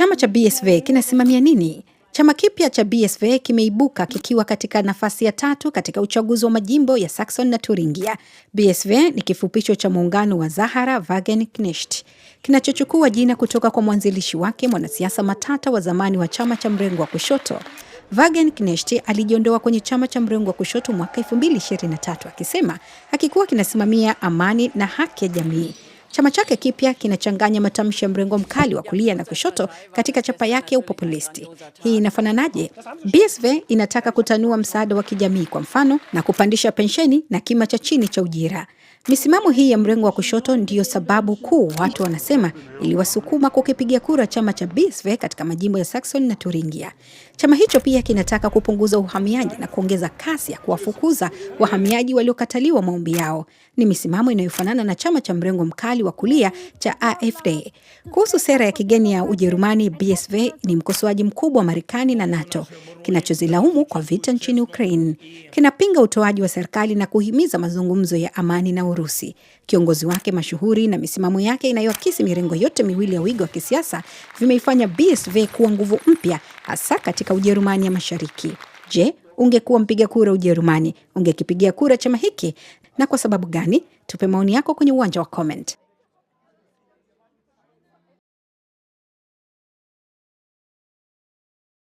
Chama cha BSV kinasimamia nini? Chama kipya cha BSV kimeibuka kikiwa katika nafasi ya tatu katika uchaguzi wa majimbo ya Saxon na turingia BSV ni kifupisho cha muungano wa Zahara Wagen Knecht, kinachochukua jina kutoka kwa mwanzilishi wake, mwanasiasa matata wa zamani wa chama cha mrengo wa kushoto. Wagen Knecht alijiondoa kwenye chama cha mrengo wa kushoto mwaka 2023 akisema hakikuwa kinasimamia amani na haki ya jamii. Chama chake kipya kinachanganya matamshi ya mrengo mkali wa kulia na kushoto katika chapa yake ya upopulisti. Hii inafananaje? BSV inataka kutanua msaada wa kijamii, kwa mfano, na kupandisha pensheni na kima cha chini cha ujira. Misimamo hii ya mrengo wa kushoto ndiyo sababu kuu watu wanasema iliwasukuma kukipigia kura chama cha BSV katika majimbo ya Saxon na turingia Chama hicho pia kinataka kupunguza uhamiaji na kuongeza kasi ya kuwafukuza wahamiaji waliokataliwa maombi yao. Ni misimamo inayofanana na chama cha mrengo mkali wa kulia cha AfD. Kuhusu sera ya kigeni ya Ujerumani, BSV ni mkosoaji mkubwa wa Marekani na NATO kinachozilaumu kwa vita nchini Ukraine. Kinapinga utoaji wa serikali na kuhimiza mazungumzo ya amani na Urusi. Kiongozi wake mashuhuri na misimamo yake inayoakisi mirengo yote miwili ya wigo wa kisiasa vimeifanya BSV kuwa nguvu mpya, hasa katika Ujerumani ya Mashariki. Je, ungekuwa mpiga kura Ujerumani, ungekipigia kura chama hiki na kwa sababu gani? Tupe maoni yako kwenye uwanja wa comment.